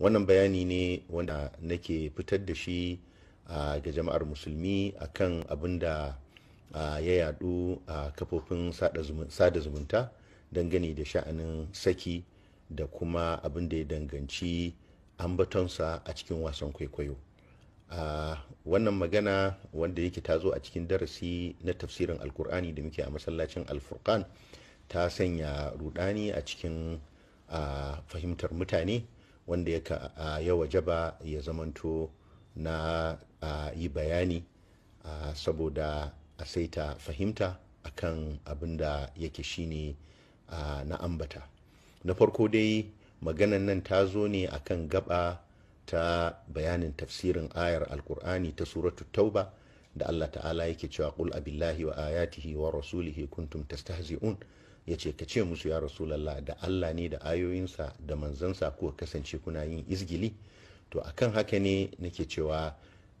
wannan bayani ne wanda nake fitar da shi ga jama'ar musulmi a kan abin da ya yadu a kafofin sada zumunta dangane da sha'anin saki da kuma abin da ya danganci ambatonsa a cikin wasan kwaikwayo wannan magana wanda yake ta zo a cikin darasi na tafsirin alkur'ani da muke a masallacin alfurkan ta sanya rudani a cikin fahimtar mutane wanda ya wajaba ya zamanto na yi bayani saboda a saita fahimta akan abin da yake shine na ambata na farko dai maganan nan ta zo ne akan gaba ta bayanin tafsirin ayar alkur'ani ta suratu tauba da allah ta'ala yake cewa qul abillahi wa ayatihi wa rasulihi kuntum tastahzi'un ya ce ka ce musu ya rasulallah da allah ne da ayoyinsa da manzansa kuka kasance kuna yin izgili to akan haka ne nake cewa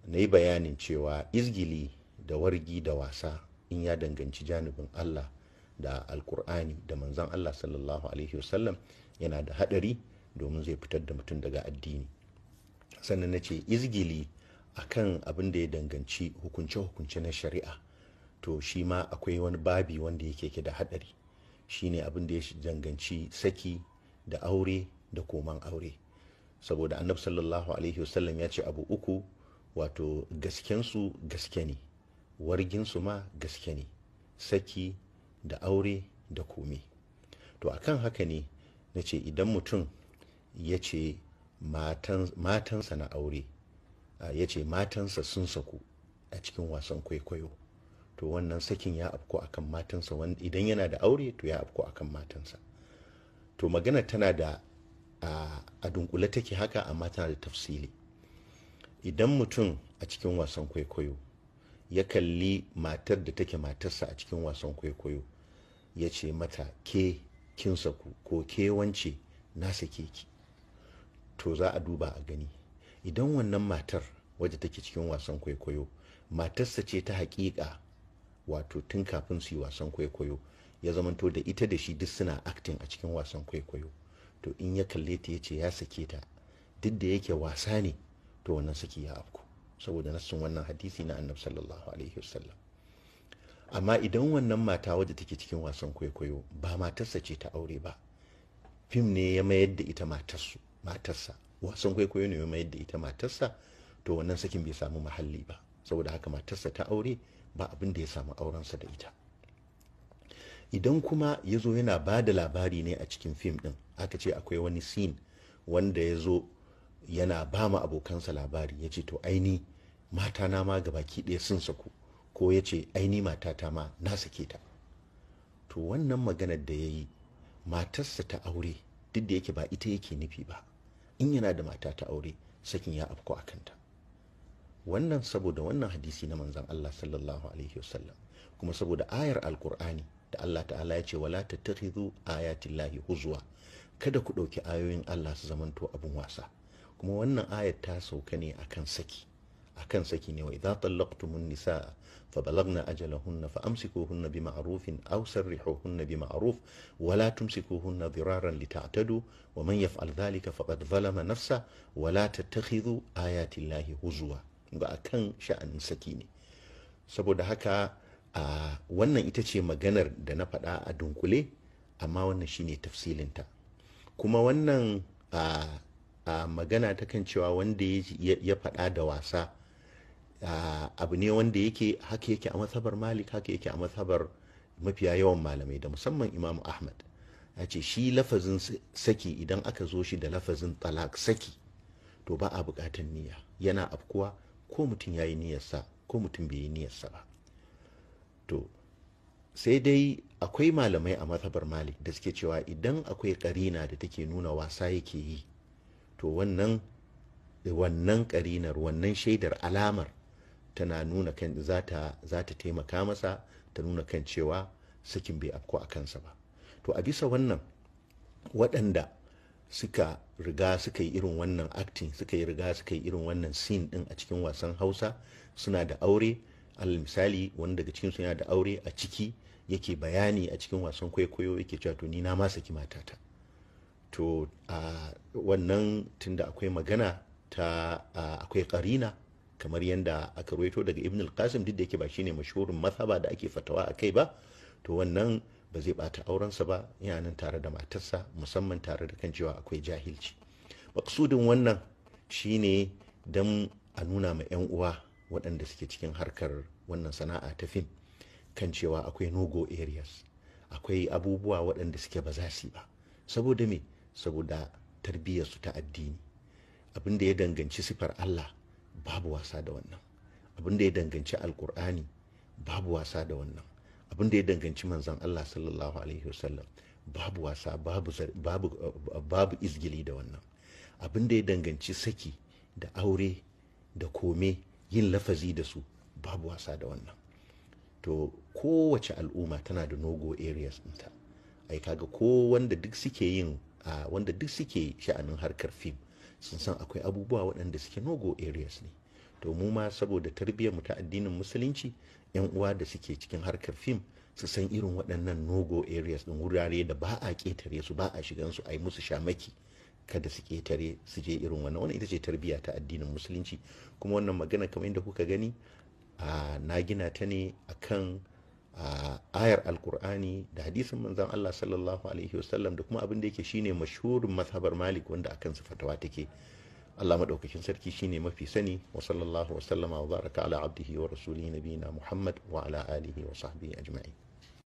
na yi bayanin cewa izgili da wargi da wasa in ya danganci janibin allah da alkur'ani da manzan allah sallallahu alaihi wasallam yana da hadari domin zai fitar da mutum daga addini sannan na ce izgili akan abin da ya danganci hukunce-hukunce na shari'a to shi ma akwai wani babi wanda yake da hadari shine abin da ya danganci saki da aure da koman aure saboda annabi sallallahu alaihi wasallam ya ce abu uku wato gaskensu gaske ne warginsu ma gaske ne saki da aure da komi to akan haka ne na ce idan mutum ya ce matansa na aure ya ce matansa sun saku a cikin wasan kwaikwayo to wannan sakin ya afko akan matansa idan yana da aure to ya afko kan matansa to magana tana da a dunkule take haka amma tana da tafsili idan mutum a cikin wasan kwaikwayo ya kalli matar da take matarsa a cikin wasan kwaikwayo ya ce mata ke kin saku ko ke wance na sake ki to za a duba a gani idan wannan matar wadda take cikin wasan kwaikwayo matarsa ce ta haƙiƙa. wato tun kafin su yi wasan kwaikwayo ya zamanto da ita da shi duk suna acting a cikin wasan kwaikwayo to in ya kalle ta ya ce ya sake ta duk da yake wasa ne to wannan saki ya afku saboda nassin wannan hadisi na annabi sallallahu alaihi wasallam amma idan wannan mata wadda take cikin wasan kwaikwayo ba matarsa ce ta aure ba fim ne ya mayar da ita matarsu matarsa wasan kwaikwayo ne ya mayar da ita matarsa to wannan sakin bai samu mahalli ba saboda haka matarsa ta aure ba abin da ya samu aurensa da ita idan kuma ya zo yana ba da labari ne a cikin fim din, aka ce akwai wani scene wanda ya zo yana ba ma abokansa labari ya ce to aini mata na ma gaba ɗaya sun saku ko ya ce aini matata ma na sake ta to wannan maganar da ya yi matarsa ta aure duk da yake ba ita yake nufi ba in yana da mata ta aure sakin ya afko a kanta wannan saboda wannan hadisi na manzan Allah sallallahu alaihi wasallam kuma saboda ayar alkur'ani da Allah ta'ala ya ce wala tattakhidhu ayatillahi huzwa kada ku ɗauki ayoyin Allah su zamanto abin wasa kuma wannan ayar ta sauka ne akan saki akan saki ne wa idza tallaqtumun nisaa fa balagna ajalahunna fa amsikuhunna bi ma'rufin aw sarrihuhunna bi ma'ruf wa la tumsikuhunna diraran lita'tadu wa man yaf'al dhalika faqad zalama nafsa wa la tattakhidhu ayati huzwa ba a kan sha'anin saki ne saboda haka a wannan ita ce maganar da na faɗa a dunkule amma wannan shine tafsilinta kuma wannan a, a magana ta kan cewa wanda ya faɗa da wasa abu ne wanda yake haka yake a mazhabar malik haka yake a mazhabar mafiya yawan malamai da musamman imamu ahmad ya ce shi lafazin saki idan aka zo shi da lafazin talak saki to ba a bukatan niyya yana afkuwa ko mutum ya yi niyarsa ko mutum bai yi niyarsa ba to sai dai akwai malamai a mazhabar malik da suke cewa idan akwai karina da take nuna wasa yake yi to wannan wannan karinar wannan shaidar alamar tana nuna kan za ta taimaka masa ta nuna kan cewa sakin bai afko a kansa ba to a bisa wannan waɗanda suka riga suka yi irin wannan acting suka yi riga suka yi irin wannan scene din a cikin wasan hausa suna da aure alal misali wani daga cikin suna da aure a ciki yake bayani a cikin wasan kwaikwayo yake cewa to ni na ma saki matata to a wannan tunda akwai magana ta akwai karina kamar yadda aka ruwaito daga ibn al-qasim duk da yake ba shine mashhurin mazhaba da ake fatawa akai ba to wannan ba zai bata aurensa ba yana nan tare da matarsa musamman tare da kan cewa akwai jahilci maksudin wannan shine don a nuna ma 'yan uwa waɗanda suke cikin harkar wannan sana'a ta fim kan cewa akwai nogo areas akwai abubuwa waɗanda suke ba za su ba saboda me saboda tarbiyyarsu ta addini abin da ya danganci sifar allah babu wasa da wannan abin da ya danganci alkur'ani babu wasa da wannan abin da ya danganci manzon Allah sallallahu alaihi wasallam babu wasa babu izgili da wannan abin da ya danganci saki da aure da kome yin lafazi da su babu wasa da wannan to kowace al'umma tana da nogo areas ɗinta ai kaga ko wanda duk suke yin wanda duk suke sha'anin harkar fim sun san akwai abubuwa waɗanda suke nogo areas ne to mu ma saboda tarbiyyar mu ta addinin musulunci yan uwa da suke cikin harkar fim su san irin waɗannan nogo areas din wurare da ba a ƙetare su ba a shigan su a yi musu shamaki kada su ƙetare su je irin wannan wannan ita ce tarbiyya ta addinin musulunci kuma wannan magana kamar yadda kuka gani a na gina ta ne akan a ayar alkur'ani da hadisin manzon Allah sallallahu alaihi wasallam da kuma abin da yake shine mashhurin mazhabar malik wanda akan su fatawa take Allah madaukakin sarki shine mafi sani wa sallallahu wa sallama wa baraka ala abdihi wa rasulihi nabiyina Muhammad wa ala alihi wa sahbihi ajma'in